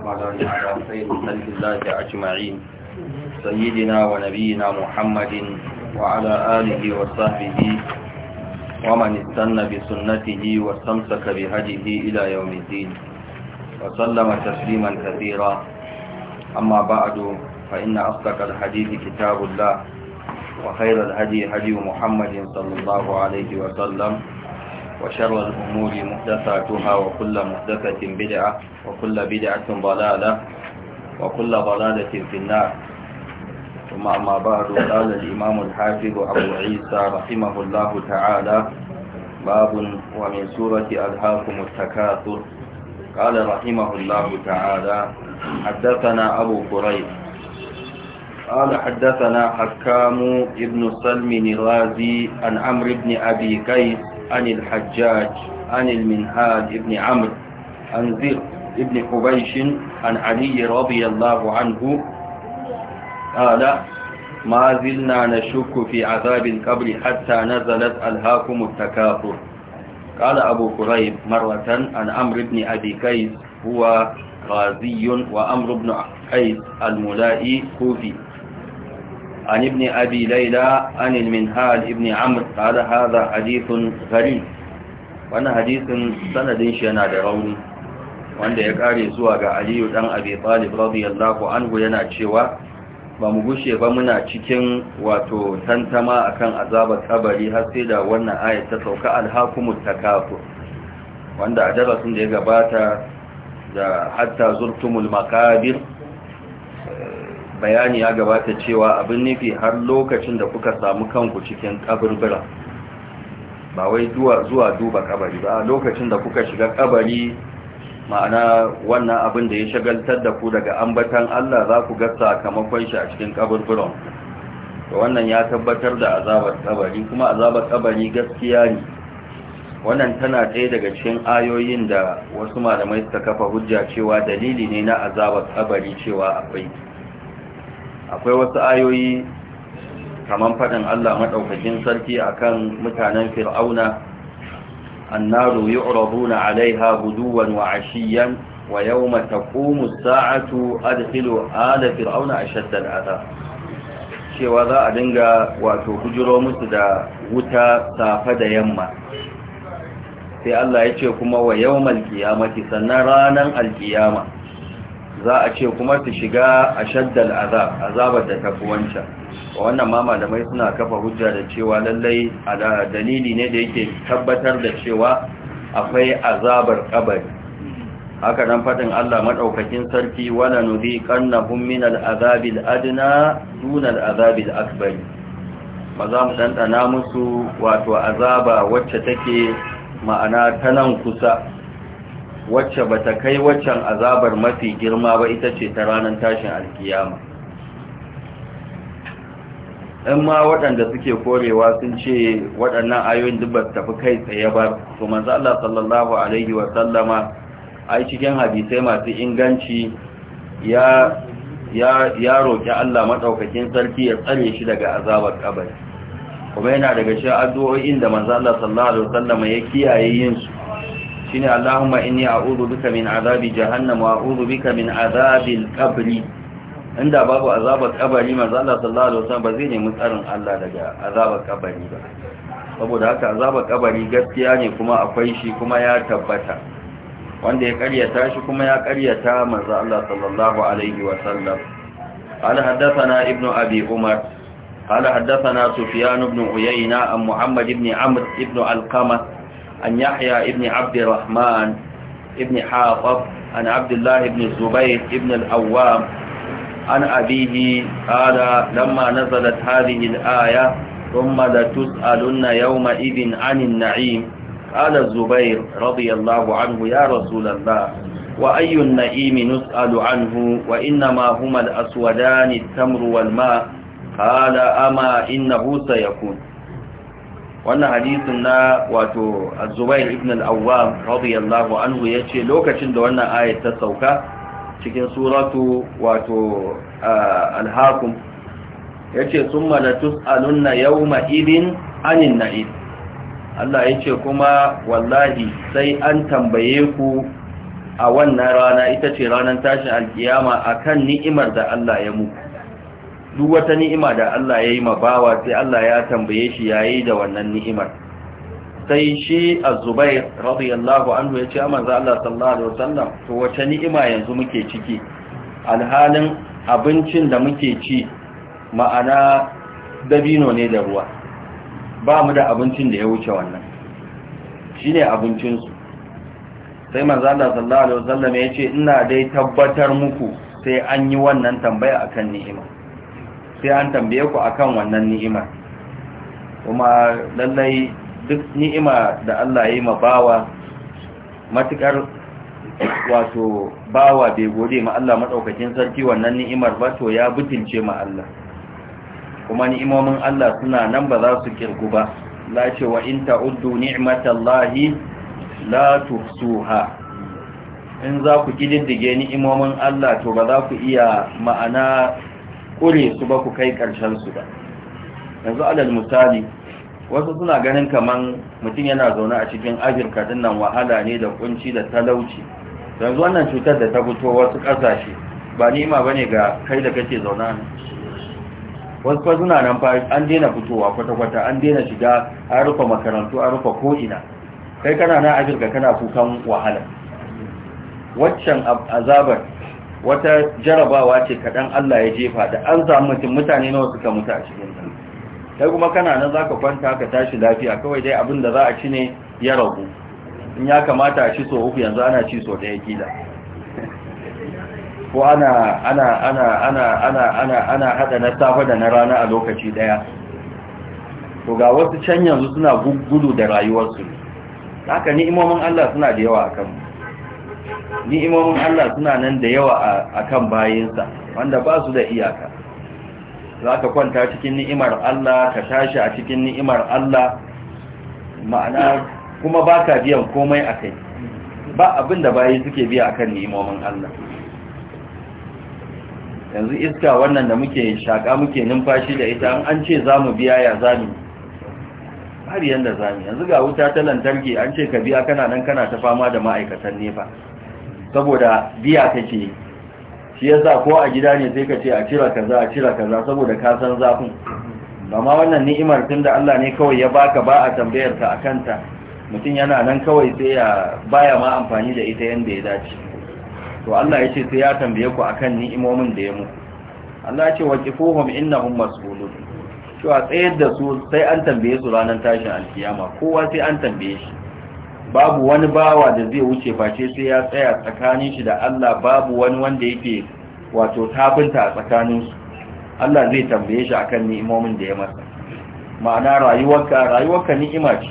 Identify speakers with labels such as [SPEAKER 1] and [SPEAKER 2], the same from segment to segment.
[SPEAKER 1] ma'adari ala sayyidun halittar a cimarin sayyidina wa nabiyina muhammadin wa ala alihi wa sahbihi wa manistan bi sunnatihi wa samsaka bi ila yau mizin wa sallama tasliman kasira amma ba'adu fa ina afsakar hadithi kitabullah wa khairar hadi hadi muhammadin sallallahu alaihi wa sallam وشر الأمور محدثاتها وكل محدثة بدعة وكل بدعة ضلالة وكل ضلالة في النار ثم أما بعد قال الإمام الحافظ أبو عيسى رحمه الله تعالى باب ومن سورة ألهاكم التكاثر قال رحمه الله تعالى حدثنا أبو قريب قال حدثنا حكام ابن سلم الرازي عن عمرو بن أبي كيس عن الحجاج عن المنهاد ابن عمرو عن زر ابن حبيش عن علي رضي الله عنه قال ما زلنا نشك في عذاب القبر حتى نزلت ألهاكم التكاثر قال أبو كريب مرة عن عمرو بن أبي كيس هو غازي وأمر بن قيس الملائي كوفي عن Abilaila, أبي ليلى عن المنهال ابن عمرو قال هذا حديث غريب وانا حديث سند شنا دروني wanda ya kare zuwa ga Aliyu dan Abi Talib radiyallahu anhu yana cewa ba mu gushe ba muna cikin wato tantama akan azabar kabari har sai da wannan aya ta sauka al-hakumut takafur wanda a darasin da ya gabata da hatta zurtumul makabir. bayani ya gabata cewa abin nufi har lokacin da kuka samu kanku cikin kaburbura ba wai zuwa duba kabari ba lokacin da kuka shiga kabari ma'ana wannan abin da ya shagaltar da ku daga ambatan Allah za ku kamar kwan shi a cikin kaburburan to wannan ya tabbatar da azabar kabari kuma azabar kabari gaskiya ne wannan tana ɗaya daga cikin ayoyin da wasu malamai suka kafa hujja cewa dalili ne na azabar kabari cewa akwai akwai wasu ayoyi kamar faɗin Allah maɗaukakin sarki akan mutanen fir'auna annaru yu'raduna 'alayha guduwan wa 'ashiyan wa yawma taqumu as-sa'atu adkhilu ala fir'auna ashadda al-'adab cewa za a dinga wato hujuro musu da wuta safa da yamma sai Allah ya ce kuma wa yawmal qiyamati sannan ranar alkiyama. za a ce kuma ta shiga a shaddal azab azabar da tafi wancan wannan ma malamai suna kafa hujja da cewa lallai dalili ne da yake tabbatar da cewa akwai azabar kabari haka nan fadin Allah madaukakin sarki wala nudhiqannahum min al al adna dun al al akbar ba za mu dandana musu wato azaba wacce take ma'ana ta nan kusa wacce ba ta kai waccan azabar mafi girma ba ita ce ta ranar tashin alkiyama in ma waɗanda suke korewa sun ce waɗannan ayoyin duk ba tafi kai tsaye ba to manzo Allah sallallahu alaihi wa sallama ai cikin hadisai masu inganci ya ya ya roki Allah madaukakin sarki ya tsare shi daga azabar kabari kuma yana daga cikin addu'o'in da manzo sallallahu alaihi wa sallama ya kiyaye yin su shine Allahumma inni a'udhu bika min azabi jahannam wa a'udhu bika min azabil qabri inda babu azabar kabari manzo Allah sallallahu alaihi wasallam ba zai nemi tsarin Allah daga azabar kabari ba saboda haka azabar kabari gaskiya ne kuma akwai shi kuma ya tabbata wanda ya karyata shi kuma ya karyata manzo Allah sallallahu alaihi wasallam قال حدثنا ابن أبي عمر قال حدثنا سفيان بن عيينة عن محمد بن عمرو بن القمة عن يحيى ابن عبد الرحمن ابن حافظ عن عبد الله بن الزبير ابن الأوام عن أبيه قال لما نزلت هذه الآية ثم لتسألن يومئذ عن النعيم قال الزبير رضي الله عنه يا رسول الله وأي النعيم نسأل عنه وإنما هما الأسودان التمر والماء قال أما إنه سيكون wannan hadisin na wato Zubair ibn al-Awwam radiyallahu anhu yace lokacin da wannan ayat ta sauka cikin suratu wato alhakum hakum yace sun la alunna yawma irin anin na'id Allah ce kuma wallahi sai an tambaye ku a wannan rana ita ce ranar tashin alkiyama akan ni'imar da Allah ya muku duk wata ni'ima da Allah ya yi ma bawa sai Allah ya tambaye shi ya yi da wannan ni'imar sai shi az-zubair radiyallahu anhu ya ce manzo Allah sallallahu alaihi wasallam to wata ni'ima yanzu muke ciki alhalin abincin da muke ci ma'ana dabino ne da ruwa ba mu da abincin da ya wuce wannan shine abincin su sai manzo Allah sallallahu alaihi wasallam ya ce ina dai tabbatar muku sai an yi wannan tambaya akan ni'ima sai an tambaye ku akan wannan ni'ima kuma lallai duk ni'ima da Allah ya yi ma bawa matukar wato bawa bai gode ma Allah madaukakin sarki wannan ni'imar ba to ya butulce ma Allah kuma ni'imomin Allah suna nan ba za su kirku ba la ce wa in ta'uddu ni'matallahi la tuhsuha in za ku kididdige ni'imomin Allah to ba za ku iya ma'ana kure su ba ku kai karshen su ba yanzu adal misali wasu suna ganin kamar mutum yana zaune a cikin afirka dinnan wahala ne da kunci da talauci yanzu wannan cutar da ta fito wasu ƙasashe ba nima ba ne ga kai da kake zaune ne wasu kwa suna nan an daina fitowa kwata-kwata an daina shiga an rufe makarantu an rufe ko'ina kai kana na afirka kana kukan wahala waccan azabar wata jarabawa ce kaɗan Allah ya jefa da an samu mutum mutane nawa suka mutu a cikin ta kai kuma kana nan zaka kwanta ka tashi lafiya kawai dai abin da za a ci ne ya ragu in ya kamata a ci so uku yanzu ana ci so ɗaya kila
[SPEAKER 2] ko ana
[SPEAKER 1] ana ana ana ana ana ana hada na safa da na rana a lokaci daya to ga wasu can yanzu suna gudu da rayuwarsu haka ni'imomin Allah suna da yawa a kanmu. ni'imomin Allah suna nan da yawa a kan bayansa wanda ba su da iyaka za ka kwanta cikin ni'imar Allah ka tashi a cikin ni'imar Allah ma'ana kuma ba ka biyan komai a kai ba abin da bayi suke biya akan ni'imomin Allah yanzu iska wannan da muke shaƙa muke numfashi da ita an ce za mu biya ya zami har yanda zami yanzu ga wuta ta lantarki an ce ka biya kana nan kana ta fama da ma'aikatan nefa saboda biya kake yi shi yasa ko a gida ne sai ka ce a cira kaza a cira kaza saboda ka san zafin amma wannan ni'imar tun da Allah ne kawai ya baka ba a tambayar ka akan ta mutum yana nan kawai sai ya baya ma amfani da ita yanda ya dace to Allah ya ce sai ya tambaye ku akan ni'imomin da ya muku Allah ya ce waqifuhum innahum mas'ulun to a tsayar da su sai an tambaye su ranar tashin alkiyama kowa sai an tambaye shi babu wani bawa da zai wuce face sai ya tsaya tsakanin shi da Allah babu wani wanda yake wato tabinta a tsakaninsu Allah zai tambaye shi akan ni'imomin da ya masa ma'ana rayuwarka rayuwarka ni'ima ce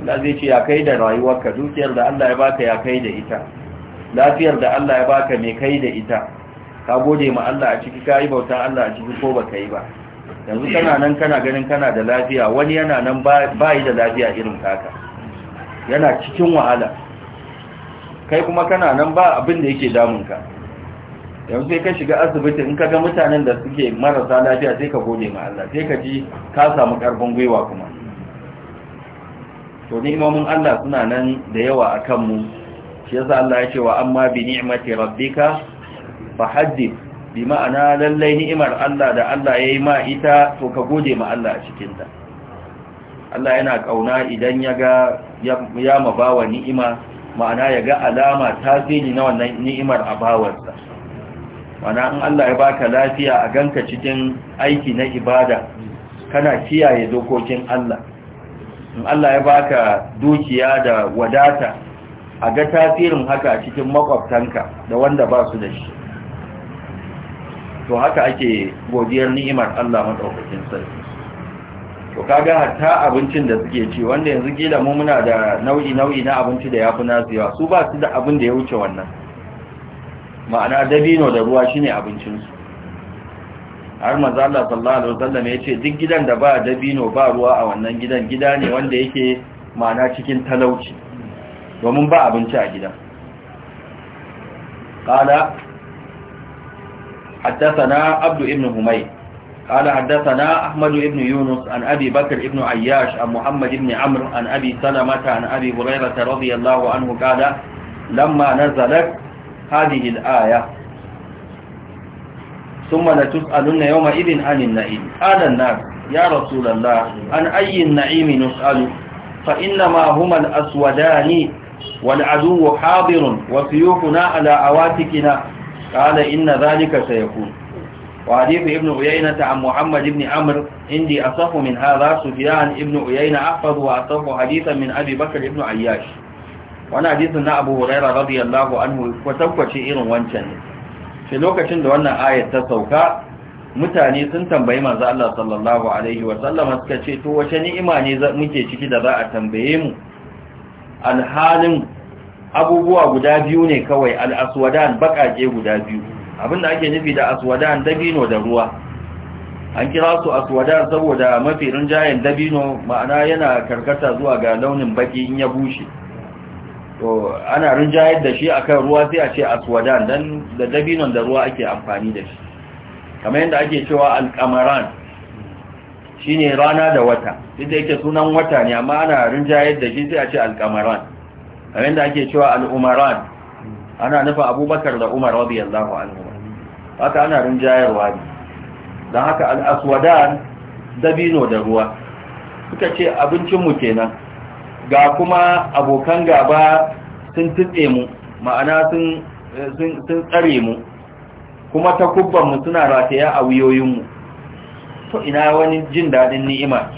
[SPEAKER 1] Allah zai ce ya kai da rayuwarka dukiyar da Allah ya baka ya kai da ita lafiyar da Allah ya baka mai kai da ita ka gode ma Allah a ciki ka bauta Allah a ciki ko baka yi ba yanzu kana nan kana ganin kana da lafiya wani yana nan ba yi da lafiya irin kaka yana cikin wahala kai kuma kana nan ba abin da yake damunka yanzu sai ka shiga asibiti in ka ga mutanen da suke marasa lafiya sai ka gode ma Allah sai ka ji ka samu karfin gwiwa kuma to ni'imomin Allah suna nan da yawa a kanmu shi yasa Allah ya ce wa amma bi ni'mati rabbika fa haddith bi ma'ana lallai ni'imar Allah da Allah ya yi ma ita to ka gode ma Allah a cikin ta Allah yana kauna idan ya ga ya ma bawa ni'ima ma'ana ya ga alama tasiri na wannan ni'imar a bawarsa ma'ana in Allah ya baka lafiya a ganka cikin aiki na ibada kana kiyaye dokokin Allah in Allah ya baka dukiya da wadata a ga tasirin haka a cikin makwabtanka da wanda ba su da shi to haka ake godiyar ni'imar Allah madaukakin sarki to kaga hatta abincin da suke ci wanda yanzu gida mu muna da nau'i nau'i na abinci da yafi nasu yawa su ba su da abin da ya wuce wannan ma'ana dabino da ruwa shine abincin su har manzo Allah sallallahu alaihi wasallam ce duk gidan da ba dabino ba ruwa a wannan gidan gida ne wanda yake ma'ana cikin talauci domin ba abinci a gidan qala حدثنا عبد ابن هميد قال حدثنا أحمد بن يونس عن أبي بكر بن عياش عن محمد بن عمرو عن أبي سلمة عن أبي هريرة رضي الله عنه قال لما نزلت هذه الآية ثم لتسألن يومئذ عن النعيم قال الناس يا رسول الله عن أي النعيم نسأل فإنما هما الأسودان والعدو حاضر وسيوفنا على أواتكنا قال إن ذلك سيكون وحديث ابن عيينة عن محمد بن عمرو عندي أصف من هذا سفيان ابن عيينة أحفظ وأصف حديثا من أبي بكر ابن عياش وانا حديثنا أبو هريرة رضي الله عنه وتوكى شئير وانشان في لوكة وانا آية تسوكى mutane sun tambayi manzo Allah sallallahu alaihi wa sallama suka ce to wace ni'ima ne muke ciki da za a tambaye mu alhalin abubuwa guda biyu ne kawai al-aswadan bakake guda biyu abinda ake nufi da aswadan dabino da ruwa an kira su aswadan saboda mafi rinjayen dabino ma'ana yana karkata zuwa ga launin baki in ya bushe to ana rinjayar da shi akan ruwa sai a ce aswadan dan da dabinon da ruwa ake amfani da shi kamar yadda ake cewa alkamaran shine rana da wata duk da yake sunan wata ne amma ana rinjayar da shi sai a ce alkamaran kamar yadda ake cewa al'umaran ana nufa abubakar da umar radiyallahu anhu haka ana rinjayarwa ne don haka al'aswadan dabino da ruwa suka ce abincinmu kenan ga kuma abokan gaba sun tutse mu ma'ana sun tsare mu kuma ta kubbanmu suna rataya a wuyoyinmu to ina wani jin daɗin ni'ima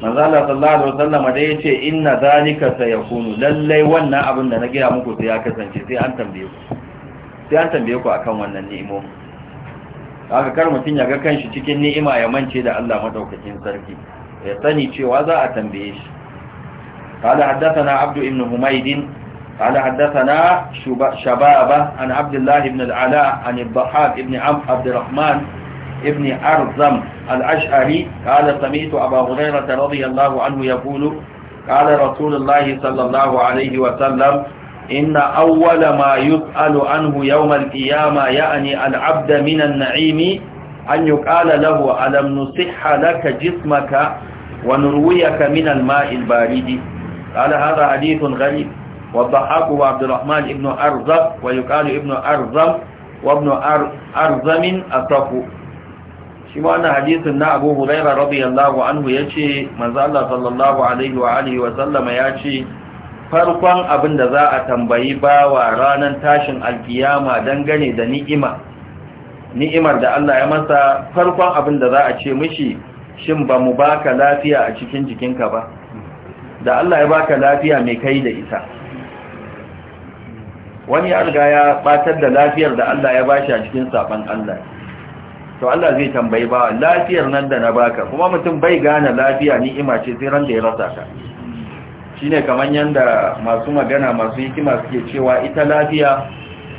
[SPEAKER 1] manzala sallallahu alaihi wasallam da yace inna zalika sayakunu lallai wannan abin da na gaya muku sai ya kasance sai an tambaye ku sai an tambaye ku akan wannan ni'imomi haka kar mutum ya ga kanshi cikin ni'ima ya mance da Allah madaukakin sarki ya sani cewa za a tambaye shi قال حدثنا عبد بن حميد قال حدثنا شبابة عن عبد الله بن العلاء عن الضحاك بن عم عبد الرحمن ابن أرزم الأشعري قال سمعت أبا هريرة رضي الله عنه يقول قال رسول الله صلى الله عليه وسلم inna awwala ma yus'alu anhu yawm al-qiyama ya'ni al-'abda naimi an yuqala lahu alam nusihha laka jismaka wa nurwiyaka min al-ma'i al-baridi qala hadha hadithun ghalib wa dhahaka wa arzab wa yuqalu ibn arzab wa ibn arzam ataqu shi ma wannan hadithun na abu hurairah radiyallahu anhu yace manzo Allah sallallahu alaihi wa alihi wa sallama yace farkon abin da za a tambayi bawa ranar tashin alkiyama dangane da ni'ima ni'imar da Allah ya masa farkon abin da za a ce mishi shin ba mu baka lafiya a cikin jikinka ba da Allah ya baka lafiya mai kai da ita wani ya riga ya batar da lafiyar da Allah ya bashi a cikin saban Allah to Allah zai tambayi bawa lafiyar nan da na baka kuma mutum bai gane lafiya ni'ima ce sai ran da ya rasa ka shine kaman yanda masu magana masu hikima suke cewa ita lafiya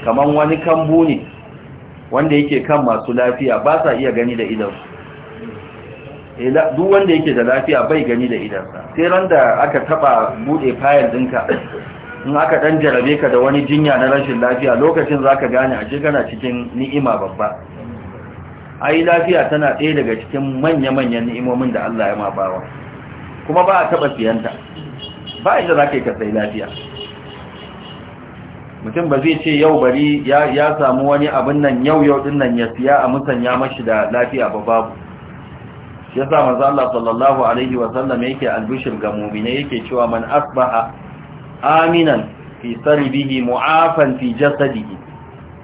[SPEAKER 1] Kaman wani kambu ne wanda yake kan masu lafiya ba sa iya gani da idansu eh, duk wanda yake da lafiya bai gani da idansa sai randa aka taba bude fayil dinka in aka dan jarabe ka da wani jinya na rashin lafiya lokacin zaka gane a kana cikin ni'ima babba ai lafiya tana ɗaya daga cikin manya-manyan ni'imomin da Allah ya bawa kuma ba a taba siyanta ba inda za ka yi ka lafiya mutum ba zai ce yau bari ya samu wani abin nan yau yau din nan ya siya a musanya mashi da lafiya ba babu shi yasa manzo Allah sallallahu alaihi wa yake albishir ga mu'mina yake cewa man asbaha aminan fi bihi mu'afan fi jasadihi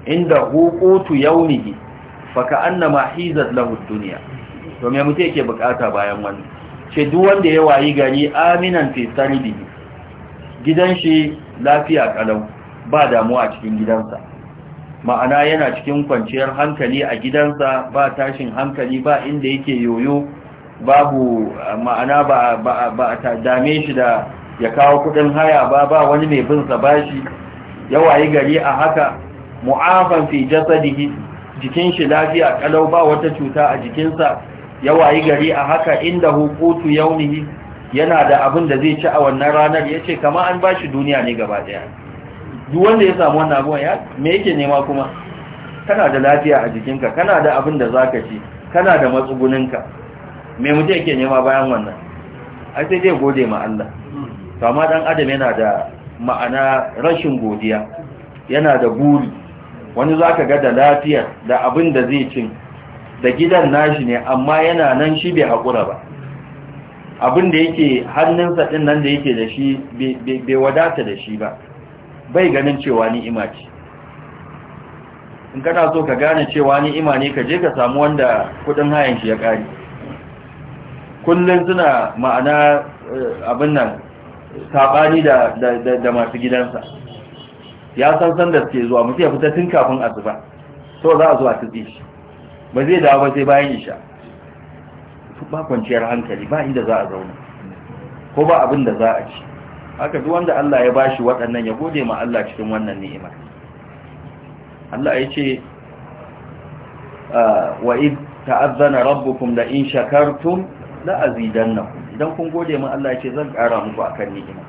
[SPEAKER 1] inda huqutu yawmihi fa ka'annama hizat lahu ad-dunya to me mutum yake bukata bayan wannan ce duk wanda ya wayi gari aminan fi gidan shi lafiya kalau ba damuwa a cikin gidansa ma'ana yana cikin kwanciyar hankali a gidansa ba tashin hankali ba inda yake yoyo babu ma'ana ba ba ba ta dame shi da ya kawo kudin haya ba ba wani mai bin sa bashi ya wayi gari a haka mu'afan fi jasadihi jikin shi lafiya kalau ba wata cuta a jikinsa ya wayi gari a haka inda hukutu yaunihi yana da abin da zai ci a wannan ranar ya ce kama an ba shi duniya ne gaba daya duk wanda ya samu wannan abuwa ya me yake nema kuma kana da lafiya a jikinka kana da abin da za ka ci kana da matsuguninka me mutum yake nema bayan wannan ai sai zai gode ma Allah kama dan adam yana da ma'ana rashin godiya yana da buri wani za ka ga da lafiyar da abin da zai cin da gidan nashi ne amma yana nan shi bai haƙura ba abin da yake hannunsa ɗin nan da yake da shi bai wadata da shi ba bai ganin cewa ni'ima ce in kana so ka gane cewa ni'ima ne ka je ka samu wanda kudin hayan shi ya ƙari kullum suna ma'ana eh, abin nan saɓani da masu gidansa ya san san da suke zuwa mutu ya fita tun kafin asuba so za a zuwa tutsi shi ba zai dawo ba sai bayan isha ba kwanciyar hankali ba inda za a zauna ko ba abin da za a ci haka duk wanda Allah ya bashi waɗannan ya gode ma Allah cikin wannan ni'imar Allah ya ce ah, wa id ta'azzana rabbukum la in shakartum la azidannakum idan kun gode ma Allah ya ce zan ƙara muku akan ni'ima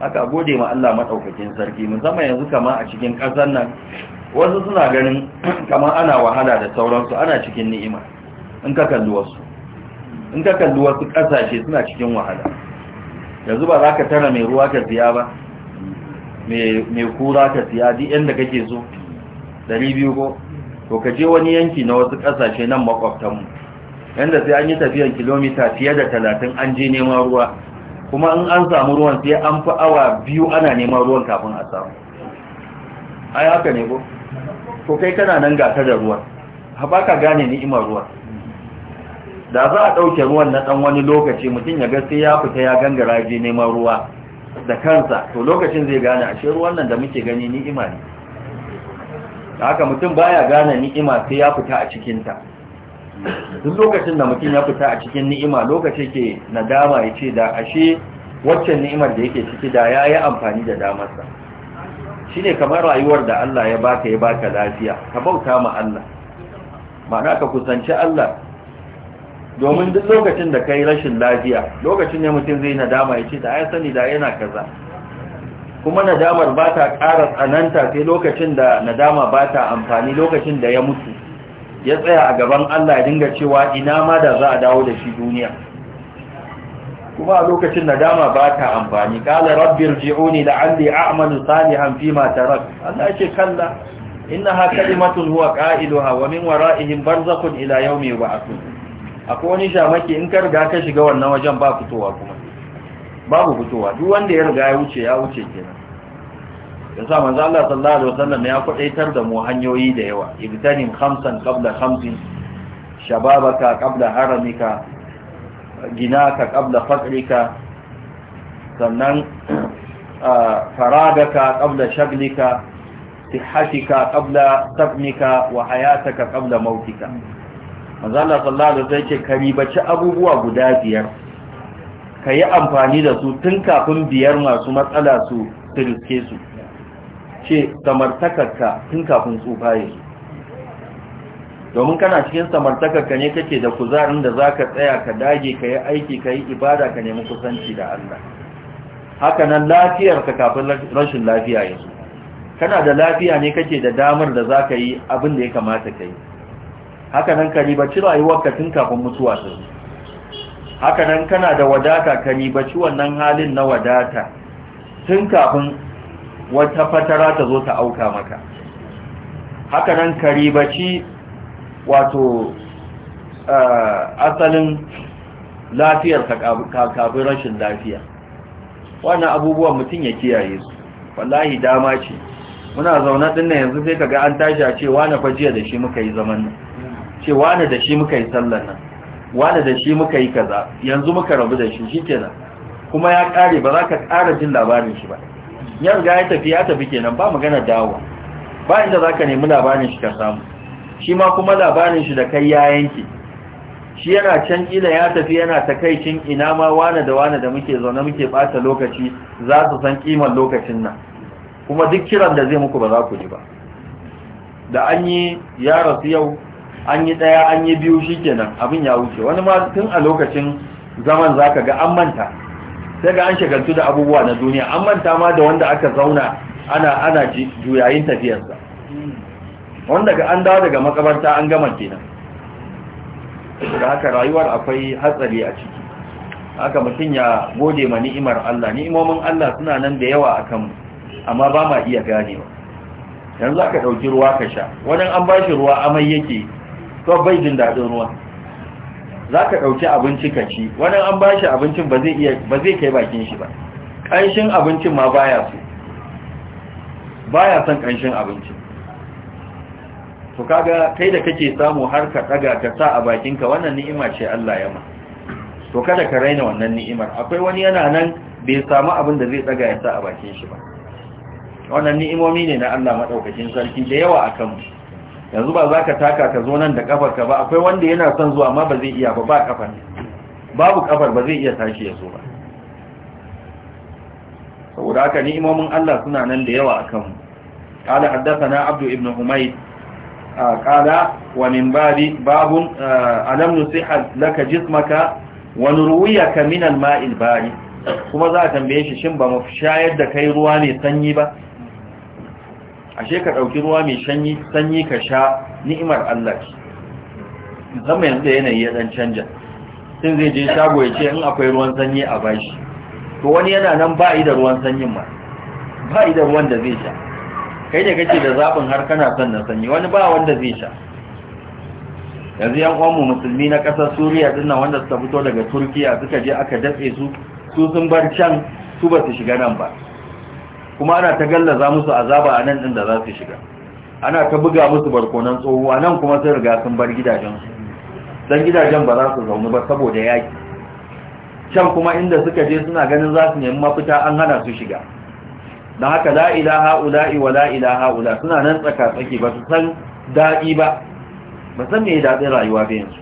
[SPEAKER 1] haka gode ma Allah madaukakin sarki mun zama yanzu kama a cikin ƙasar nan wasu suna ganin kamar ana wahala da sauransu ana cikin ni'ima in ka kalli wasu in ka kalli wasu ƙasashe suna cikin wahala yanzu ba za ka tara mai ruwa ka siya ba mai kura ka siya duk yadda kake so Dari biyu ko to ka je wani yanki na wasu ƙasashe nan mu, yadda sai an yi tafiyan kilomita fiye da talatin an je neman ruwa kuma in an samu ruwan sai an fi awa biyu ana neman ruwan kafin a samu ai haka ne ko to kai kana nan gata da ruwan ba ka gane ni'imar ruwan da za a ɗauke ruwan na ɗan wani lokaci mutum ya sai ya fita ya gangara je neman ruwa da kansa to lokacin zai gane ashe ruwan nan da muke gani ni'ima ne haka mutum baya gane ni'ima sai ya fita a cikinta duk lokacin da mutum ya fita a cikin ni'ima lokaci ke nadama ya ce da ashe waccan ni'imar da yake ciki da ya yi amfani da damarsa shine kamar rayuwar da Allah ya baka ya baka lafiya ka bauta ma Allah ma'ana ka kusanci Allah domin duk lokacin da kai rashin lafiya lokacin ne mutum zai nadama ya ce da ai sani da yana kaza kuma nadamar ba ta ƙara tsananta sai lokacin da nadama ba ta amfani lokacin da ya mutu ya tsaya a gaban Allah ya dinga cewa ina ma da za a dawo da shi duniya kuma a lokacin nadama ba ta amfani kala rabbir ji'uni la'alli a'malu salihan fima tarak Allah ce kalla innaha kalimatun huwa qa'iluha wa min wara'ihim barzakhun ila yawmi yub'athun akwai wani shamaki in ka riga ka shiga wannan wajen ba fitowa kuma babu fitowa duk wanda ya riga ya wuce ya wuce kenan yasa manzo Allah sallallahu alaihi wasallam ya kudaitar da mu hanyoyi da yawa Ibtanin khamsan qabla khamsin shababaka qabla haramika Gina ginaka qabla faqrika sannan faragaka qabla shaglika sihhatika qabla tabnika wa hayataka qabla mautika manzo Allah sallallahu alaihi wasallam yake karibaci abubuwa guda biyar kayi amfani da su tun kafin biyar masu matsala su riske su ce samartakarka tun kafin tsufaye su domin kana cikin samartaka ka ne kake da kuzarin da zaka tsaya ka dage ka yi aiki ka yi ibada ka nemi kusanci da Allah haka nan lafiyar kafin rashin lafiya yanzu kana da lafiya ne kake da damar da zaka yi abin da ya kamata ka yi haka nan ka ribaci rayuwarka tun kafin mutuwa ta zo haka nan kana da wadata ka ribaci wannan halin na wadata tun kafin wata fatara ta zo ta auka maka haka nan ka ribaci wato eh, asalin lafiyar kafin rashin lafiya wannan abubuwan mutum ya kiyaye su wallahi dama ce muna zaune din nan yanzu sai kaga an tashi a ce wani fa da shi muka yi zaman nan ce wani da shi muka yi sallar nan wani da shi muka yi kaza yanzu muka rabu da shi shi kenan kuma ya kare ba za ka ƙara jin labarin shi ba ya riga ya tafi ya tafi kenan ba magana dawo ba inda za ka nemi labarin shi ka samu shi ma kuma labarin shi da kai ya yanki shi yana can kila ya tafi yana takaicin ina ma wane da wane da muke zaune muke bata lokaci za su san kiman lokacin nan kuma duk kiran da zai muku ba za ku ji ba da an yi ya rasu yau an yi ɗaya an yi biyu shikenan abin ya wuce wani ma tun a lokacin zaman za ka ga an manta sai ga an shagaltu da abubuwa na duniya an manta ma da wanda aka zauna ana ana juyayin tafiyarsa wanda ga an dawo daga makabarta an gama kenan saboda haka rayuwar akwai hatsari a ciki haka mutum ya gode ma ni'imar Allah ni'imomin Allah suna nan da yawa akan mu amma ba ma iya ganewa yanzu aka ɗauki ruwa ka sha wajen an bashi ruwa amai yake to bai jin daɗin ruwa za ka ɗauki abinci ka ci wajen an bashi abincin ba zai kai bakin shi ba ƙanshin abincin ma baya so baya son ƙanshin abincin to kaga kai da kake samu har ka daga ka sa a bakinka wannan ni'ima ce Allah ya ma to kada ka raina wannan ni'imar akwai wani yana nan bai samu abin da zai daga ya sa a bakin shi ba wannan ni'imomi ne na Allah madaukakin sarki da yawa akan mu yanzu ba za ka taka ka zo nan da ka ba akwai wanda yana son zuwa amma ba zai iya ba ba kafar babu kafar ba zai iya tashi ya zo ba saboda haka ni'imomin Allah suna nan da yawa akan mu قال حدثنا عبد ابن حميد قال ومن باب باب ألم نصح لك جسمك ونرويك من الماء البارد kuma za a tambaye shi shin ba mu shayar da kai ruwa ne sanyi ba ashe ka ɗauki ruwa mai sanyi sanyi ka sha ni'imar Allah ce yanzu da yanayi ya ɗan canja sun zai je shago ya ce in akwai ruwan sanyi a bashi to wani yana nan ba da ruwan sanyin ma ba da ruwan da zai sha kai da kake da zaɓin har kana son na sanyi wani ba wanda zai sha yanzu yan uwanmu musulmi na ƙasar suriya din nan wanda suka fito daga turkiya suka je aka datse su su sun bar can su ba su shiga nan ba kuma ana ta gallaza musu azaba a nan din da za su shiga ana ta buga musu barkonan tsohuwa nan kuma sun riga sun bar su. don gidajen ba za su zaune ba saboda yaƙi. can kuma inda suka je suna ganin za su nemi mafita an hana su shiga don haka la ilaha ula'i wa la ilaha ula suna nan tsaka tsaki ba su san daɗi ba ba san me daɗin rayuwa ba yanzu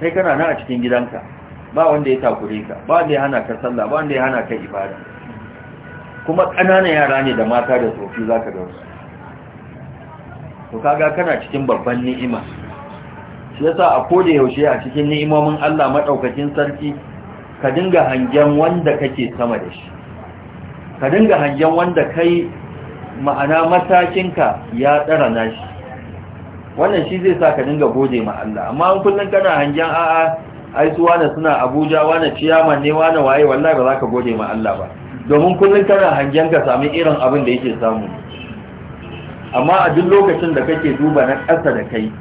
[SPEAKER 1] sai kana na a cikin gidanka ba wanda ya takure ka ba wanda ya hana ka sallah ba wanda ya hana ka ibada kuma ƙananan yara ne da mata da tsofi za ka gansu to kaga kana cikin babban ni'ima shi yasa a koda yaushe a cikin ni'imomin Allah madaukakin sarki ka dinga hangen wanda kake sama da shi ka dinga hangen wanda kai ma'ana matakin ka ya tsara nashi wannan shi zai sa ka dinga gode ma Allah amma kullum kana hangen a'a ai wane suna Abuja wane ciyaman ne wane waye wallahi ba za ka gode ma Allah ba domin kullum kana hangen ka sami irin abin da yake samu amma a duk lokacin da kake duba na ƙasa da kai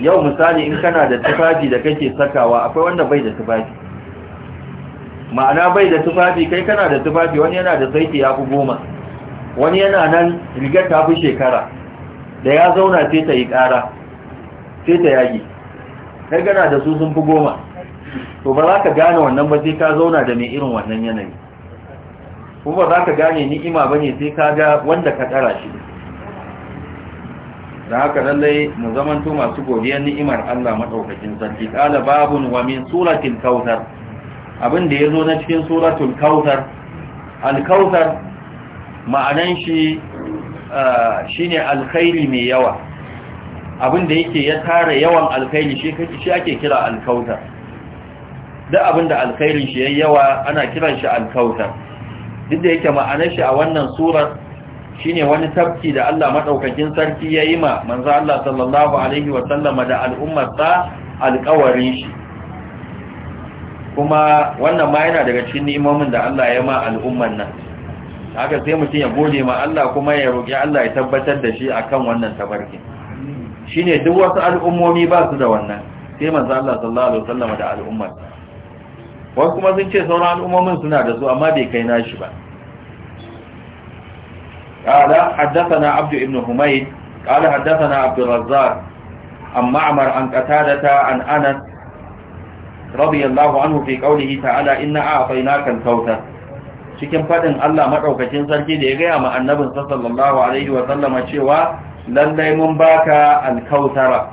[SPEAKER 1] yau misali in kana da tufafi da kake sakawa akwai wanda bai da tufafi ma'ana bai da tufafi kai kana da tufafi wani yana da saiti ya fi goma wani yana nan rigar ta fi shekara da ya zauna sai ta yi ƙara sai ta yagi kai kana da su sun fi goma to ba za ka gane wannan ba sai ka zauna da mai irin wannan yanayi kuma ba za ka gane ni'ima ba ne sai ka ga wanda ka tsara shi da haka lallai mu zamanto masu godiyar ni'imar Allah maɗaukakin sarki ƙala babun wa min suratil kautar abin da ya zo na cikin suratul kautar alkautar ma'anan shi shine alkhairi mai yawa abin da yake ya tara yawan alkhairi shi ake kira alkautar duk abin da alkhairin shi yayi yawa ana kiran shi alkautar duk da yake ma'anar shi a wannan surar shine wani tafki da Allah madaukakin sarki yayi ma manzo Allah sallallahu alaihi wa sallama da al'ummar sa alƙawarin shi kuma wannan ma yana daga cikin ni'imomin da Allah ya ma al'umman nan haka sai mutum ya gode ma Allah kuma ya roƙi Allah ya tabbatar da shi akan wannan tabarkin shine duk wasu al'ummomi ba su da wannan sai manzo Allah sallallahu alaihi wasallam da al'ummar wasu kuma sun ce sauran al'ummomin suna da su amma bai kai nashi ba قال haddasa na بن حميد قال حدثنا عبد الرزاق عن معمر عن قتادة عن أنس radiyallahu anhu fi qawlihi ta'ala inna a'tainaka al-kautsar cikin fadin Allah madaukakin sarki da ya ga ma annabin sallallahu alaihi wa sallama cewa lallai mun baka al-kautsara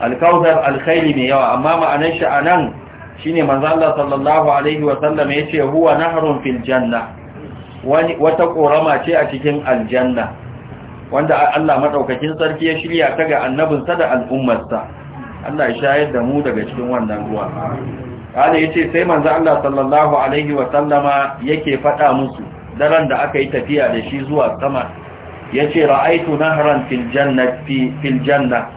[SPEAKER 1] al-kautsar al-khayl yawa amma ma'anar shi anan shine manzo Allah sallallahu alaihi wa sallama yace huwa nahrun fil janna wata korama ce a cikin aljanna wanda Allah madaukakin sarki ya shirya ta ga annabinsa da al'ummarsa Allah ya shayar da mu daga cikin wannan ruwa kada yace sai manzo Allah sallallahu alaihi wa sallama yake fada musu daren da aka yi tafiya da shi zuwa sama yace ra'aitu nahran fil jannati fil janna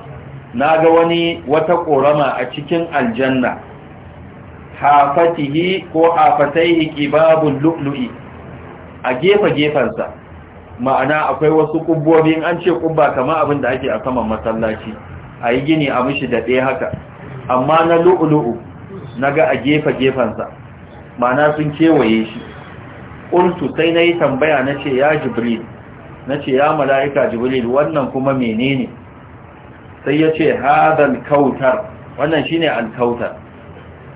[SPEAKER 1] naga wani wata korama a cikin aljanna hafatihi ko hafataihi kibabul lu'lu'i a gefe gefensa ma'ana akwai wasu kubbobin an ce kubba kama abin da ake a saman masallaci a yi gini a mishi daɗe haka amma na lu'ulu'u na ga a gefa gefansa mana sun kewaye shi ƙuntu sai na yi tambaya na ce ya jibril na ce ya mala'ika jibril wannan kuma menene sai ya ce hadal kautar wannan shi ne alkautar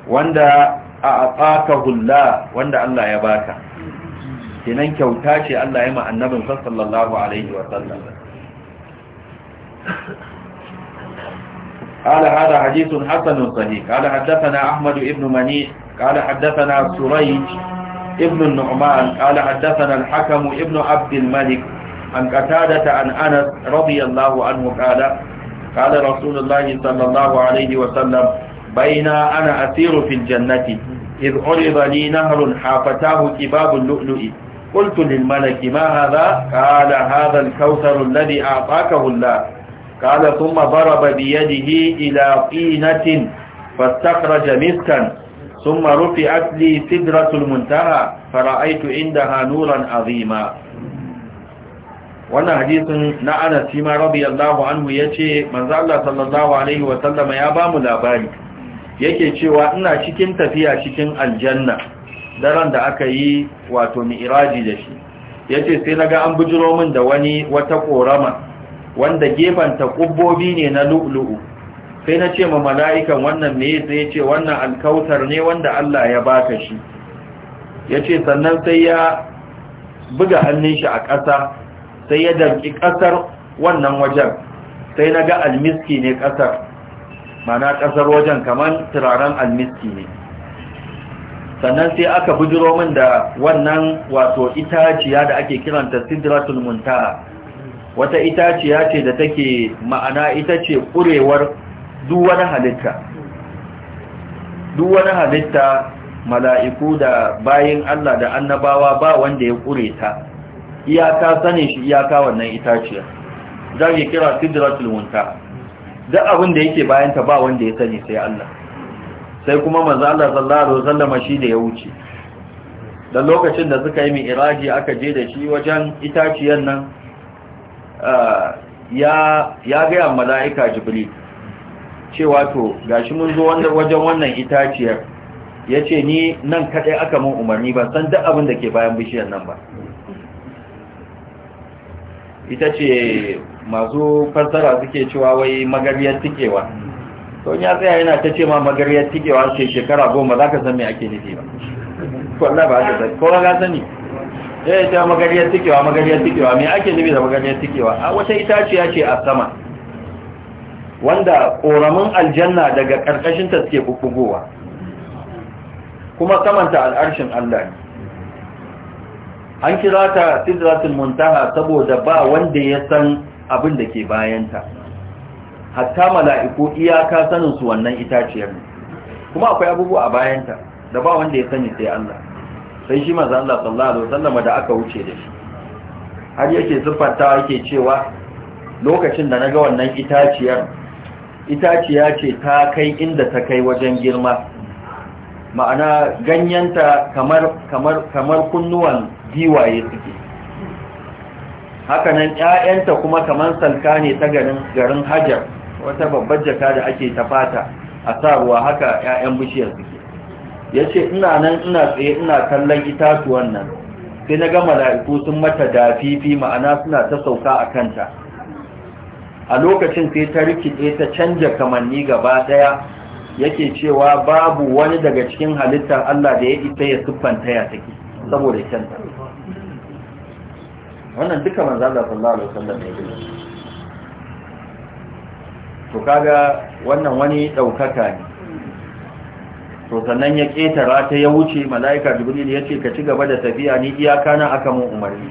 [SPEAKER 1] wanda a atsaka hulla wanda Allah ya baka Kinan kyauta ce Allah ya ma sassan sallallahu alaihi wa قال هذا حديث حسن صحيح قال حدثنا أحمد بن منيع قال حدثنا سريج ابن النعمان قال حدثنا الحكم ابن عبد الملك عن قتادة عن أنس رضي الله عنه قال قال رسول الله صلى الله عليه وسلم بين أنا أسير في الجنة إذ عرض لي نهر حافتاه كباب اللؤلؤ قلت للملك ما هذا قال هذا الكوثر الذي أعطاكه الله قال ثم ضرب بيده إلى قينة فاستخرج مسكا ثم رفعت لي سدرة المنتهى فرأيت عندها نورا عظيما wannan hadisin na Anas shi ma radiyallahu anhu yace manzo Allah wa sallama ya bamu labari yake cewa ina cikin tafiya cikin aljanna daren da aka yi wato mi'raji da shi yace sai na ga an bujiro min da wani wata ƙorama. wanda gefanta ƙubbobi ne na lu'lu'u sai na ce ma mala'ikan wannan me sai ya ce wannan alkautar ne wanda Allah ya baka shi ya ce sannan sai ya buga hannun shi a ƙasa sai ya damƙi ƙasar wannan wajen sai na ga almiski ne ƙasar mana ƙasar wajen kamar turaren almiski ne sannan sai aka bujiro min da wannan wato itaciya da ake kiranta sidratul muntaha wata itaciya ce da take ma'ana ita ce kurewar duwana halitta duk halitta mala'iku da bayin Allah da annabawa ba wanda ya kure ta iyaka sanin shi iyaka wannan itaciyar za ki kira sidratul munta duk abin da yake bayan ta ba wanda ya sani sai Allah sai kuma manzo Allah sallallahu alaihi wasallam shi da ya wuce Da lokacin da suka yi mi'raji aka je da shi wajen itaciyar nan ya gaya mala'ika Jibri cewa to gashi mun zo wajen wannan itaciyar ya ce ni nan kaɗai aka mun umarni ba san duk abin da ke bayan bishiyar nan ba ita ce masu fassara suke cewa wai magariyar tikewa to ya tsaya yana ta ce ma magariyar tikewa ce shekara goma za ka san me ake nufi ba kwallo ba ka sani ko ga sani ya ce magariyar tikewa magariyar tikewa me ake nufi da magariyar tikewa a wata itaciya ce a sama wanda ƙoramin aljanna daga ƙarƙashin ta suke bukugowa kuma samanta al'arshin Allah ne an kira ta sidratul muntaha saboda ba wanda ya san abin da ke bayanta hatta mala'iku iyaka sanin su wannan itaciyar kuma akwai abubuwa a bayanta da ba wanda ya sani sai Allah sai shi maza Allah sallallahu alaihi wasallam da aka wuce da shi har yake siffanta yake cewa lokacin da naga wannan itaciyar itaciya ce ta kai inda ta kai wajen girma ma'ana ganyenta kamar kamar kamar kunnuwan giwaye suke nan, ƴaƴanta kuma kamar salka ne ta garin garin hajar wata babbar jaka da ake tafata a sa ruwa haka ƴaƴan bishiyar suke ya ce ina nan ina tsaye ina kallon itatuwan nan sai na ga mala'iku sun mata dafifi ma'ana suna ta sauka a kanta a lokacin sai ta rikide ta canja kamanni gaba daya yake cewa babu wani daga cikin halittar Allah da ya ita ya siffanta ya take saboda kanta wannan duka manzo Allah sallallahu alaihi wasallam yi to kaga wannan wani daukaka ne to sannan ya ƙetara ta ya wuce mala'ika jibril ya ce ka ci gaba da tafiya ni iyaka na aka mun umarni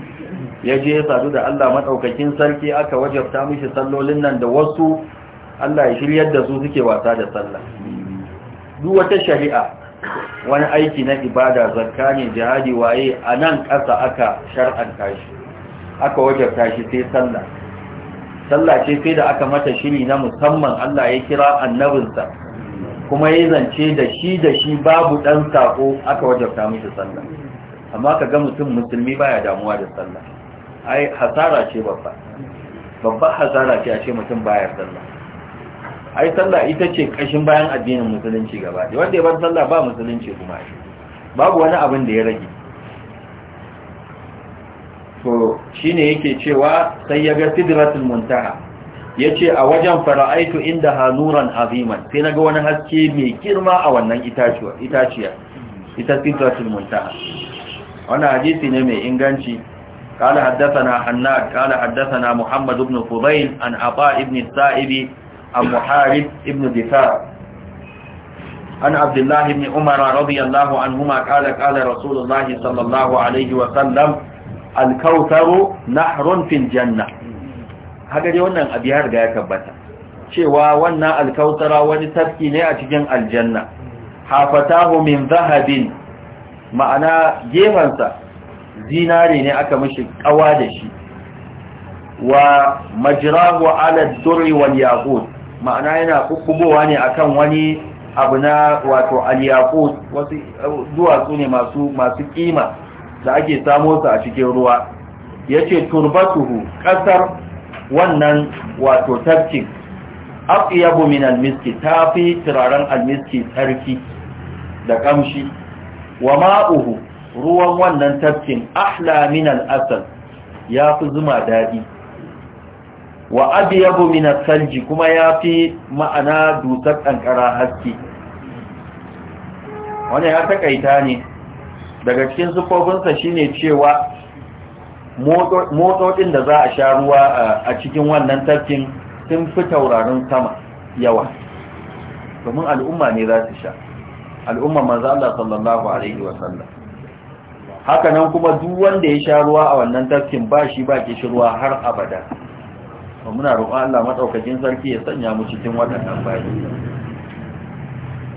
[SPEAKER 1] ya je ya sadu da Allah madaukakin sarki aka wajabta mishi sallolin nan da wasu Allah ya shiryar da su suke wasa da sallah duk wata shari'a wani aiki na ibada zakka jihadi waye a nan ƙasa aka shar'anta shi aka wajabta shi sai sallah sallah ce sai da aka mata shiri na musamman Allah ya kira annabinsa kuma ya zance da shi da shi babu ɗan sako aka wajabta mishi sallah amma ka ga mutum musulmi baya damuwa da sallah ai hasara ce babba babba hasara ce a ce mutum baya sallah ai sallah ita ce ƙashin bayan addinin musulunci gaba da wanda ya bar sallah ba musulunci kuma babu wani abin da ya rage to shine yake cewa sai ya ga sidratul muntaha ya ce a wajen fara'aitu inda hanuran aziman sai na ga wani haske mai girma a wannan itaciya ita fitratun muntaha wani hadisi ne mai inganci kala haddasana hannad kala haddasana muhammad ibn fubayn an aba ibn sa'ibi an muharib ibn zifar an abdullah ibn umar radiyallahu anhuma kala kala rasulullahi sallallahu alaihi wasallam alkautaru nahrun fin janna haka wannan abu ya riga ya tabbata cewa wannan alkautara wani tafki ne a cikin aljanna hafatahu min zahabin ma'ana gefansa zinare ne aka mishi kawa da shi wa majrahu ala durri wal yaqut ma'ana yana kukkubowa ne akan wani abu na wato al yaqut wasu duwatsu ne masu masu kima da ake samu su a cikin ruwa yace turbatuhu kasar wannan wato tafkin afiyabu min almiski ta fi turaren almiski tsarki da kamshi wa ma'uhu ruwan wannan tafkin ahla min al'asal ya fi zuma daɗi wa abiyabu min salji kuma ya fi ma'ana dusar ƙanƙara haske wani ya taƙaita ne daga cikin sufofinsa shine cewa motocin da za a sha ruwa a cikin wannan tafkin sun fi taurarin sama yawa domin al'umma ne za su sha al'umma manzo Allah sallallahu alaihi wa sallam haka nan kuma duk wanda ya sha ruwa a wannan tafkin ba shi ba ke shirwa har abada muna roƙon Allah madaukakin sarki ya sanya mu cikin waɗannan bayi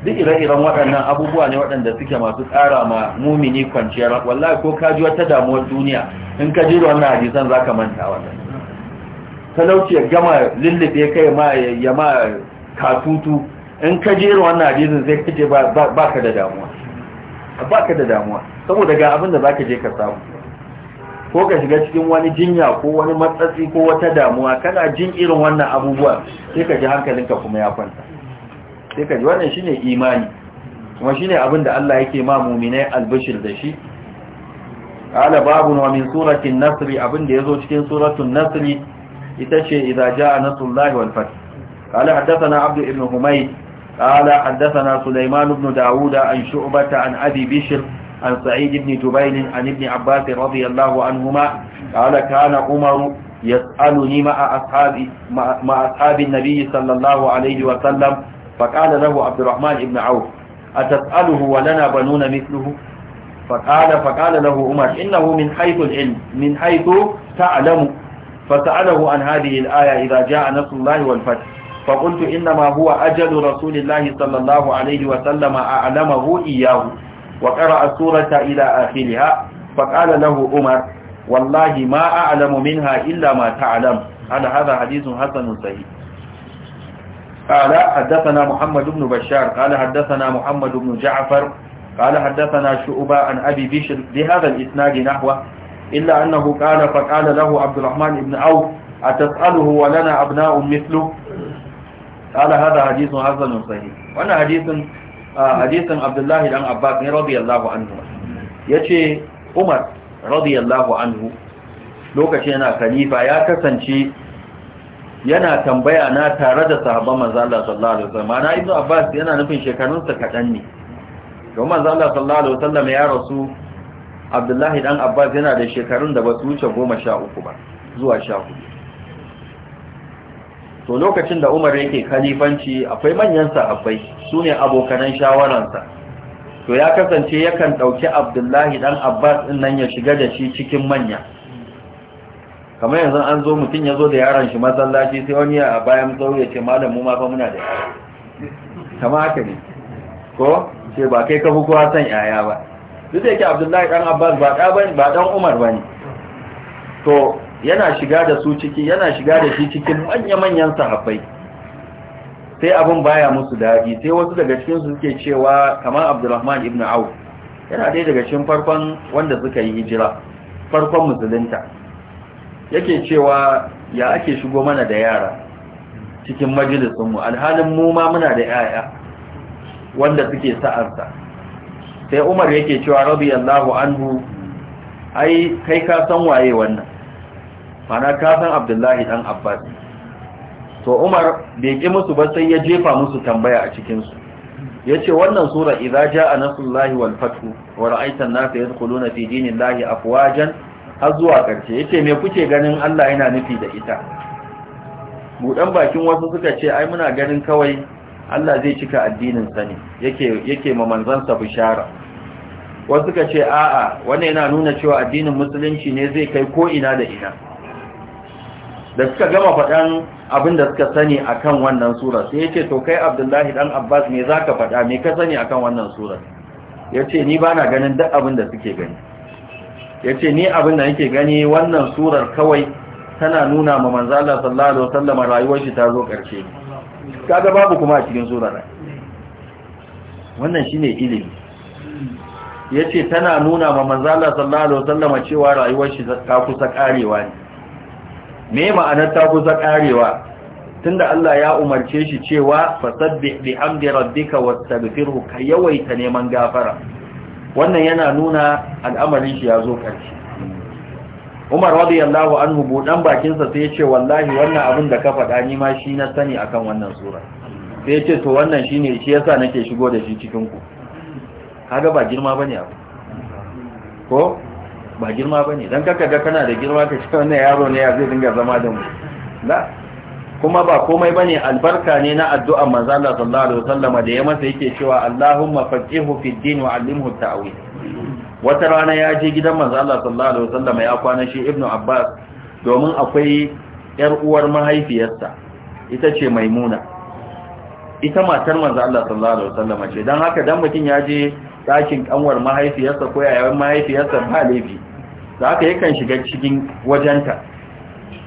[SPEAKER 1] duk ire-iren waɗannan abubuwa ne waɗanda suke masu tsara ma mumini kwanciyar wallahi ko kaji wata damuwar duniya in ka ji wannan hadisan za ka manta wannan talauci ya gama lullube kai ma ya ma katutu in ka ji wannan hadisin sai ka je ba ka da damuwa ba ka da damuwa saboda ga abin da za ka je ka samu ko ka shiga cikin wani jinya ko wani matsatsi ko wata damuwa kana jin irin wannan abubuwa sai ka ji hankalinka kuma ya kwanta sai ka ji wannan ne imani kuma shi ne abinda Allah yake ma mu'minai albashir da shi qala babu wa min surati an-nasr abin da cikin suratun nasiri. ita ce idza jaa nasrullahi wal fath qala hadathana abdu ibn humayd qala hadathana sulaiman ibn daud an shubata an abi bishr an سعيد Ibn جبيل an Ibn عباس رضي الله عنهما قال كان عمر يسألني مع أصحاب, مع أصحاب النبي صلى الله عليه وسلم فقال له عبد الرحمن بن عوف أتسأله ولنا بنون مثله فقال فقال له عمر إنه من حيث العلم من حيث تعلم فسأله عن هذه الآية إذا جاء نصر الله والفتح فقلت إنما هو أجل رسول الله صلى الله عليه وسلم أعلمه إياه وقرأ السورة إلى آخرها فقال له عمر والله ما أعلم منها إلا ما تعلم هذا هذا حديث حسن صحيح قال حدثنا محمد بن بشار قال حدثنا محمد بن جعفر قال حدثنا شعبة عن أبي بشر بهذا الإسناد نحوه إلا أنه قال فقال له عبد الرحمن بن عوف أتسأله ولنا أبناء مثله قال هذا حديث حسن صحيح وأنا حديث حديث عبد الله بن عباس رضي الله عنه يجي عمر رضي الله عنه لوكشي أنا خليفة يا كسنشي yana tambaya na tare da sahabban manzo Allah sallallahu alaihi wasallam ana ibnu abbas yana nufin shekarun sa kadan ne don manzo Allah sallallahu alaihi wasallam ya rasu abdullahi dan abbas yana da shekarun da ba su wuce 13 ba zuwa 14 to lokacin da umar yake khalifanci akwai manyan sahabbai sune abokanan shawaransa to ya kasance yakan dauki abdullahi dan abbas din nan ya shiga da shi cikin manya kamar yanzu an zo mutum ya zo da yaron shi masallaci sai wani a bayan tsawo ya ce malam mu ma fa muna da yaro kama haka ne ko ce ba kai ka fi kowa san yaya ba duk da yake abdullahi dan abbas ba ɗan ba umar ba ne to yana shiga da su ciki yana shiga da shi cikin manya-manyan sahabbai sai abin baya musu daɗi sai wasu daga cikin su suke cewa kamar abdulrahman ibn auf yana ɗaya daga cikin farkon wanda suka yi hijira farkon musulunta yake cewa ya ake shigo mana da yara cikin majalisunmu alhalin mu ma muna da yaya wanda suke sa'arsa sai umar yake cewa radiyallahu anhu ai kai ka san waye wannan mana ka san abdullahi dan abbas to umar bai ki musu ba sai ya jefa musu tambaya a cikinsu ya ce wannan sura idza jaa nasrullahi wal fathu wa ra'aita an-nasa yadkhuluna fi dinillahi afwajan har zuwa ƙarshe yace me kuke ganin Allah yana nufi da ita budan bakin wasu suka ce ai muna ganin kawai Allah zai cika addinin sa ne yake yake ma bishara wasu suka ce a'a wannan yana nuna cewa addinin musulunci ne zai kai ko ina da ina da suka gama faɗan abin da suka sani akan wannan sura sai yace to kai Abdullahi dan Abbas me zaka faɗa me ka sani akan wannan sura yace ni bana ganin duk abin da suke gani ya ce ni abin da nake gani wannan surar kawai tana nuna ma manzala sallallahu alaihi wasallam rayuwar shi ta zo ƙarshe kaga babu kuma a cikin surar wannan shine ilimi yace tana nuna ma manzala sallallahu alaihi wasallam cewa rayuwar shi ta kusa karewa ne me ma'anar ta kusa karewa tunda Allah ya umarce shi cewa fasabbih bihamdi rabbika wastaghfirhu ka yawaita neman gafara wannan yana nuna al'amarin shi ya zo ƙarshe umar radiyallahu anhu buɗan bakinsa sai ya ce wallahi wannan abin da ka faɗa ni ma shi na sani akan wannan sura sai ya ce to wannan shine shi yasa nake shigo da shi cikin ku kaga ba girma bane abu ko ba girma bane dan kaka ga kana da girma ka ce wannan yaro ne ya zai dinga zama da mu kuma ba komai bane albarka ne na addu'a manzo Allah sallallahu alaihi da ya masa yake cewa Allahumma faqihu fid din wa allimhu ta'wil wata rana ya je gidan manzo Allah sallallahu alaihi ya kwana shi Ibn Abbas domin akwai yar uwar mahaifiyarsa ita ce Maimuna ita matar manzo Allah sallallahu alaihi ce don haka dan mutun ya je ɗakin ƙanwar mahaifiyarsa ko yayin mahaifiyarsa ba laifi da haka yakan shiga cikin wajenta